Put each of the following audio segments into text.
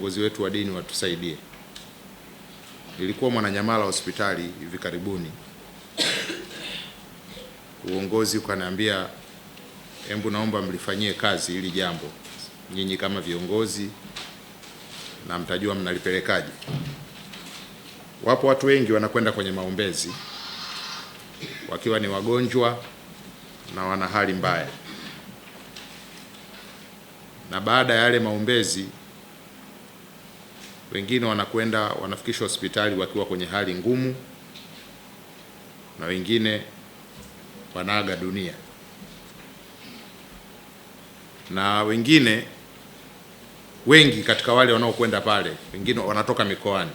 viongozi wetu wa dini watusaidie. Nilikuwa Mwananyamala hospitali hivi karibuni, uongozi ukaniambia, hebu naomba mlifanyie kazi hili jambo nyinyi kama viongozi, na mtajua mnalipelekaje. Wapo watu wengi wanakwenda kwenye maombezi wakiwa ni wagonjwa na wana hali mbaya, na baada ya yale maombezi wengine wanakwenda wanafikishwa hospitali wakiwa kwenye hali ngumu, na wengine wanaaga dunia, na wengine wengi katika wale wanaokwenda pale, wengine wanatoka mikoani.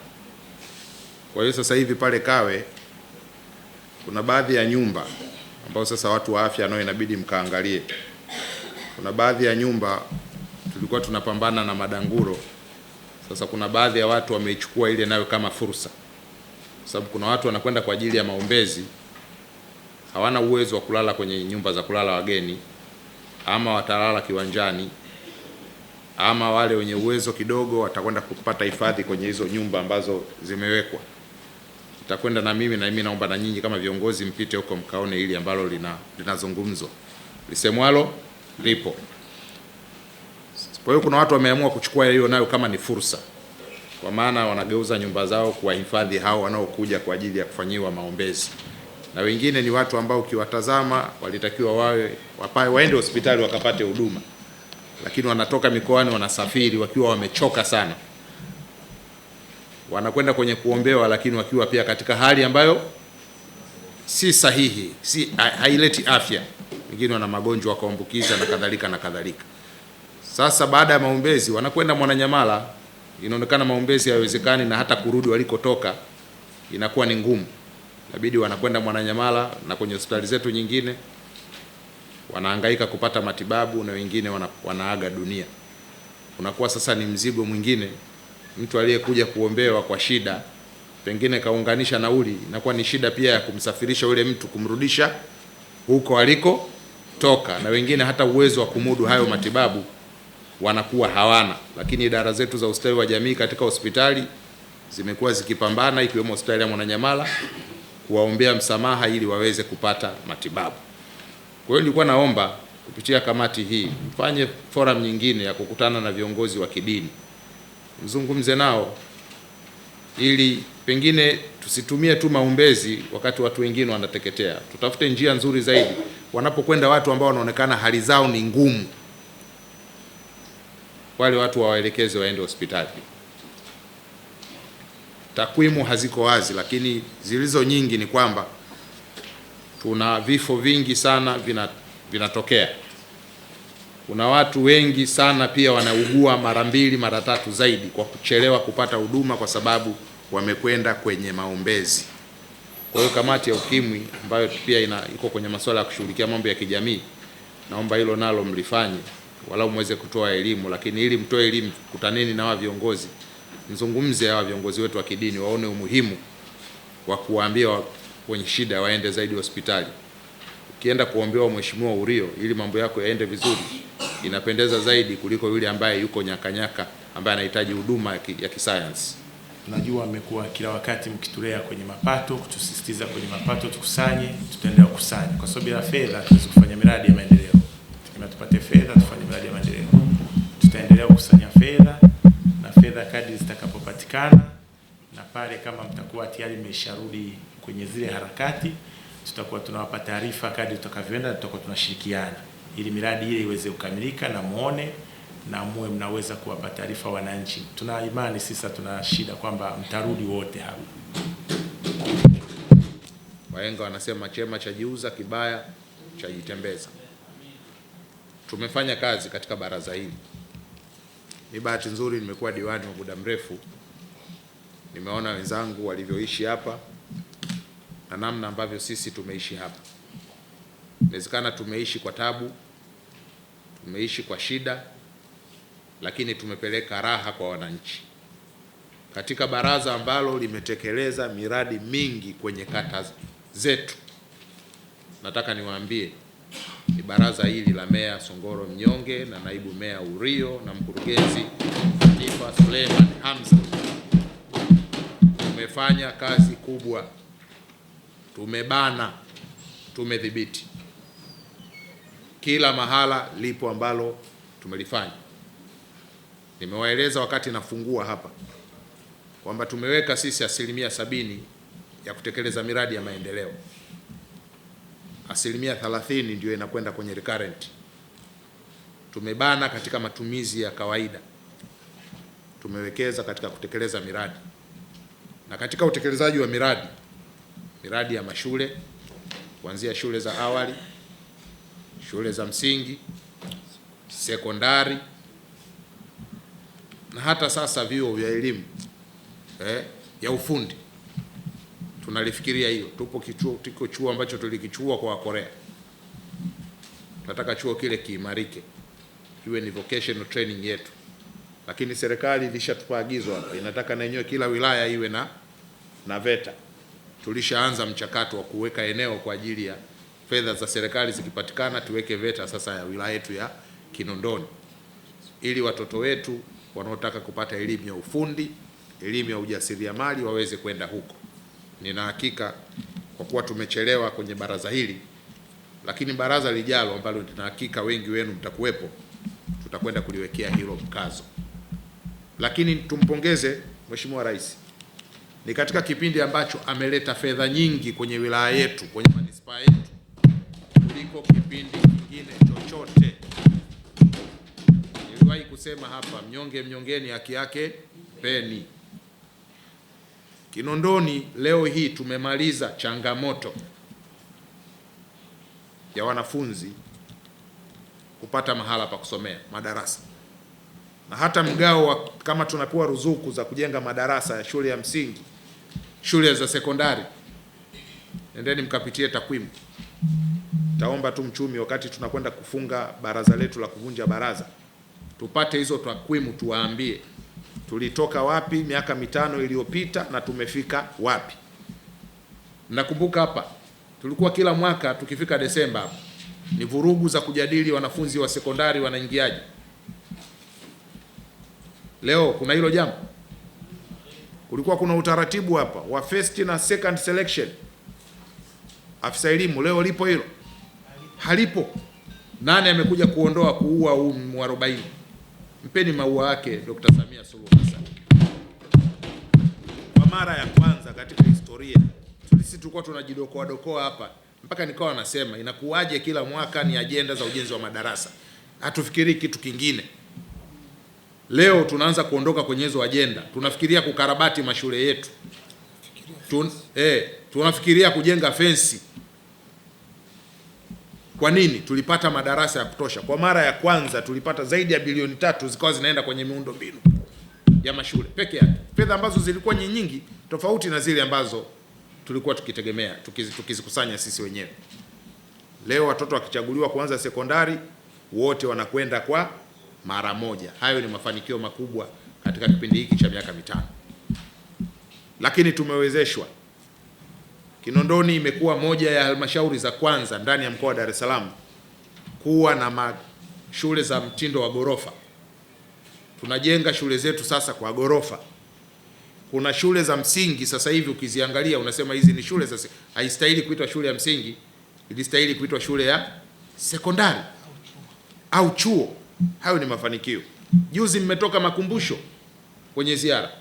Kwa hiyo sasa hivi pale Kawe kuna baadhi ya nyumba ambayo sasa watu wa afya nao inabidi mkaangalie. Kuna baadhi ya nyumba tulikuwa tunapambana na madanguro sasa kuna baadhi ya watu wameichukua ile nayo kama fursa, sababu kuna watu wanakwenda kwa ajili ya maombezi, hawana uwezo wa kulala kwenye nyumba za kulala wageni, ama watalala kiwanjani, ama wale wenye uwezo kidogo watakwenda kupata hifadhi kwenye hizo nyumba ambazo zimewekwa. Nitakwenda na mimi na mimi naomba na nyinyi kama viongozi mpite huko mkaone hili ambalo linazungumzwa, lina lisemwalo lipo. Kwa hiyo kuna watu wameamua kuchukua hiyo nayo kama ni fursa, kwa maana wanageuza nyumba zao kuwahifadhi hao wanaokuja kwa ajili ya kufanyiwa maombezi, na wengine ni watu ambao ukiwatazama walitakiwa wawe wapae, waende hospitali wakapate huduma, lakini wanatoka mikoani, wanasafiri wakiwa wamechoka sana, wanakwenda kwenye kuombewa, lakini wakiwa pia katika hali ambayo si sahihi, si haileti afya. Wengine wana magonjwa wakaambukiza na kadhalika na kadhalika. Sasa baada ya maombezi wanakwenda Mwananyamala, inaonekana maombezi hayawezekani na hata kurudi walikotoka inakuwa ni ngumu, inabidi wanakwenda Mwananyamala na kwenye hospitali zetu nyingine wanahangaika kupata matibabu na wengine wana, wanaaga dunia. Unakuwa sasa ni mzigo mwingine, mtu aliyekuja kuombewa kwa shida pengine kaunganisha nauli, inakuwa ni shida pia ya kumsafirisha yule mtu kumrudisha huko alikotoka, na wengine hata uwezo wa kumudu hayo matibabu wanakuwa hawana, lakini idara zetu za ustawi wa jamii katika hospitali zimekuwa zikipambana, ikiwemo hospitali ya Mwananyamala kuwaombea msamaha ili waweze kupata matibabu. Kwa hiyo nilikuwa naomba kupitia kamati hii mfanye forum nyingine ya kukutana na viongozi wa kidini, mzungumze nao ili pengine tusitumie tu maombezi wakati watu wengine wanateketea. Tutafute njia nzuri zaidi wanapokwenda watu ambao wanaonekana hali zao ni ngumu wale watu wawaelekeze waende hospitali. Takwimu haziko wazi, lakini zilizo nyingi ni kwamba tuna vifo vingi sana vina, vinatokea. Kuna watu wengi sana pia wanaugua mara mbili mara tatu zaidi kwa kuchelewa kupata huduma kwa sababu wamekwenda kwenye maombezi. Kwa hiyo kamati ya UKIMWI ambayo pia ina, iko kwenye masuala ya kushughulikia mambo ya kijamii, naomba hilo nalo mlifanye walau muweze kutoa elimu, lakini ili mtoe elimu, kutaneni na hawa viongozi, mzungumze hawa viongozi wetu wa kidini, waone umuhimu wa kuwaambia wenye shida waende zaidi hospitali. Ukienda kuombewa mheshimiwa urio, ili mambo yako yaende vizuri, inapendeza zaidi kuliko yule ambaye yuko nyakanyaka ambaye anahitaji huduma ya kisayansi. Najua amekuwa kila wakati mkitulea kwenye mapato, kutusisitiza kwenye mapato tukusanye, tutaendelea kukusanya, kwa sababu bila fedha hatuwezi kufanya miradi ya maendeleo na tupate fedha tufanye mradi ya maendeleo. Tutaendelea kukusanya fedha na fedha kadri zitakapopatikana, na pale kama mtakuwa tayari mmesharudi kwenye zile harakati, tutakuwa tunawapa taarifa kadri tutakavyoenda, tutakuwa tunashirikiana ili miradi ile iweze kukamilika na muone na muwe mnaweza kuwapa taarifa wananchi. Tuna imani sisa, tuna shida kwamba mtarudi wote hapa. Wahenga wanasema chema chajiuza, kibaya chajitembeza tumefanya kazi katika baraza hili. Ni bahati nzuri nimekuwa diwani wa muda mrefu, nimeona wenzangu walivyoishi hapa na namna ambavyo sisi tumeishi hapa. Inawezekana tumeishi kwa tabu, tumeishi kwa shida, lakini tumepeleka raha kwa wananchi katika baraza ambalo limetekeleza miradi mingi kwenye kata zetu. Nataka niwaambie ni baraza hili la meya Songoro Mnyonge na naibu meya Urio na mkurugenzi Latifa Suleiman Hamza. Tumefanya kazi kubwa, tumebana, tumedhibiti kila mahala lipo ambalo tumelifanya. Nimewaeleza wakati nafungua hapa kwamba tumeweka sisi asilimia sabini ya kutekeleza miradi ya maendeleo asilimia 30 ndio inakwenda kwenye recurrent. Tumebana katika matumizi ya kawaida, tumewekeza katika kutekeleza miradi na katika utekelezaji wa miradi, miradi ya mashule kuanzia shule za awali, shule za msingi, sekondari na hata sasa vyuo vya elimu eh, ya ufundi tunalifikiria hiyo. Tupo kichuo, tiko chuo ambacho tulikichua kwa Korea. Tunataka chuo kile kiimarike, iwe ni vocational training yetu, lakini serikali ilishatupa agizo hapa, inataka na yenyewe kila wilaya iwe na na VETA. Tulishaanza mchakato wa kuweka eneo kwa ajili ya fedha za serikali zikipatikana, tuweke VETA sasa ya wilaya yetu ya Kinondoni, ili watoto wetu wanaotaka kupata elimu ya ufundi, elimu ya ujasiriamali waweze kwenda huko nina hakika kwa kuwa tumechelewa kwenye baraza hili, lakini baraza lijalo ambalo nina hakika wengi wenu mtakuwepo, tutakwenda kuliwekea hilo mkazo. Lakini tumpongeze Mheshimiwa Rais, ni katika kipindi ambacho ameleta fedha nyingi kwenye wilaya yetu, kwenye manispaa yetu kuliko kipindi kingine chochote. Niliwahi kusema hapa, mnyonge mnyongeni haki yake peni. Kinondoni leo hii tumemaliza changamoto ya wanafunzi kupata mahala pa kusomea madarasa, na hata mgao kama tunapewa ruzuku za kujenga madarasa ya shule ya msingi, shule za sekondari, endeni mkapitie takwimu. Taomba tu mchumi, wakati tunakwenda kufunga baraza letu la kuvunja baraza, tupate hizo takwimu tuwaambie tulitoka wapi miaka mitano iliyopita na tumefika wapi. Nakumbuka hapa tulikuwa kila mwaka tukifika Desemba hapa ni vurugu za kujadili wanafunzi wa sekondari wanaingiaje. Leo kuna hilo jambo? Kulikuwa kuna utaratibu hapa wa first na second selection, afisa elimu. Leo lipo hilo? Halipo. Nani amekuja kuondoa kuua huu mwarobaini? mpeni maua yake Dr. Samia Suluhu Hassan. Kwa mara ya kwanza katika historia sisi tulikuwa tunajidokoa dokoa hapa mpaka nikawa nasema inakuwaje kila mwaka ni ajenda za ujenzi wa madarasa, hatufikiri kitu kingine. Leo tunaanza kuondoka kwenye hizo ajenda, tunafikiria kukarabati mashule yetu Tun, eh, tunafikiria kujenga fensi. Kwa nini? Tulipata madarasa ya kutosha. Kwa mara ya kwanza tulipata zaidi ya bilioni tatu zikawa zinaenda kwenye miundo mbinu ya mashule peke yake, fedha ambazo zilikuwa nyingi tofauti na zile ambazo tulikuwa tukitegemea tukizikusanya tukizi sisi wenyewe. Leo watoto wakichaguliwa kuanza sekondari wote wanakwenda kwa mara moja. Hayo ni mafanikio makubwa katika kipindi hiki cha miaka mitano, lakini tumewezeshwa Kinondoni imekuwa moja ya halmashauri za kwanza ndani ya mkoa wa Dar es Salaam kuwa na shule za mtindo wa gorofa. Tunajenga shule zetu sasa kwa gorofa. Kuna shule za msingi sasa hivi ukiziangalia unasema hizi ni shule za, haistahili kuitwa shule ya msingi, ilistahili kuitwa shule ya sekondari au chuo. Hayo ni mafanikio. Juzi mmetoka makumbusho kwenye ziara,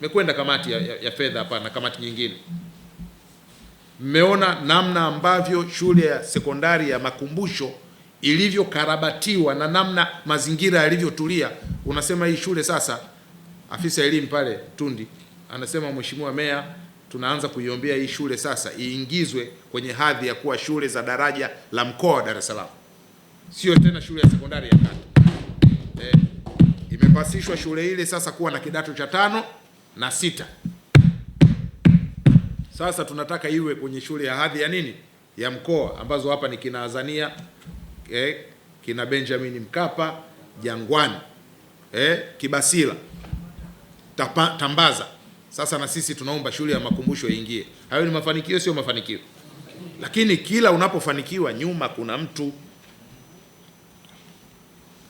mmekwenda kamati ya, ya, ya fedha hapa na kamati nyingine mmeona namna ambavyo shule ya sekondari ya Makumbusho ilivyokarabatiwa na namna mazingira yalivyotulia. Unasema hii shule sasa, afisa elimu pale Tundi anasema Mheshimiwa Meya, tunaanza kuiombea hii shule sasa iingizwe kwenye hadhi ya kuwa shule za daraja la mkoa wa Dar es Salaam, sio tena shule ya sekondari ya kati. Eh, imepasishwa shule ile sasa kuwa na kidato cha tano na sita. Sasa tunataka iwe kwenye shule ya hadhi ya nini ya mkoa ambazo hapa ni kina Azania eh, kina Benjamin Mkapa, Jangwani eh, Kibasila, Tapa, Tambaza. Sasa na sisi tunaomba shule ya makumbusho iingie. Hayo ni mafanikio, sio mafanikio? Lakini kila unapofanikiwa nyuma kuna mtu.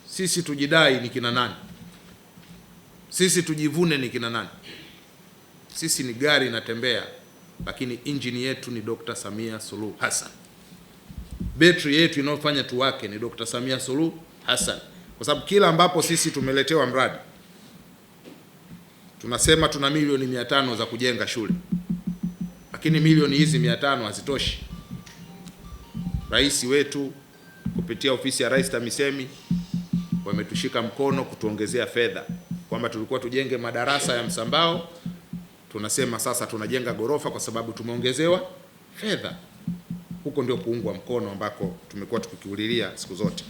Sisi tujidai ni kina nani? Sisi tujivune ni kina nani? Sisi ni gari inatembea lakini injini yetu ni Dr. Samia Suluhu Hassan. Betri yetu inayofanya tu wake ni Dr. Samia Suluhu Hassan, kwa sababu kila ambapo sisi tumeletewa mradi tunasema tuna milioni mia tano za kujenga shule, lakini milioni hizi mia tano hazitoshi. Rais wetu kupitia ofisi ya Rais TAMISEMI wametushika mkono kutuongezea fedha kwamba tulikuwa tujenge madarasa ya msambao tunasema sasa tunajenga ghorofa kwa sababu tumeongezewa fedha. Huko ndio kuungwa mkono ambako tumekuwa tukikiulilia siku zote.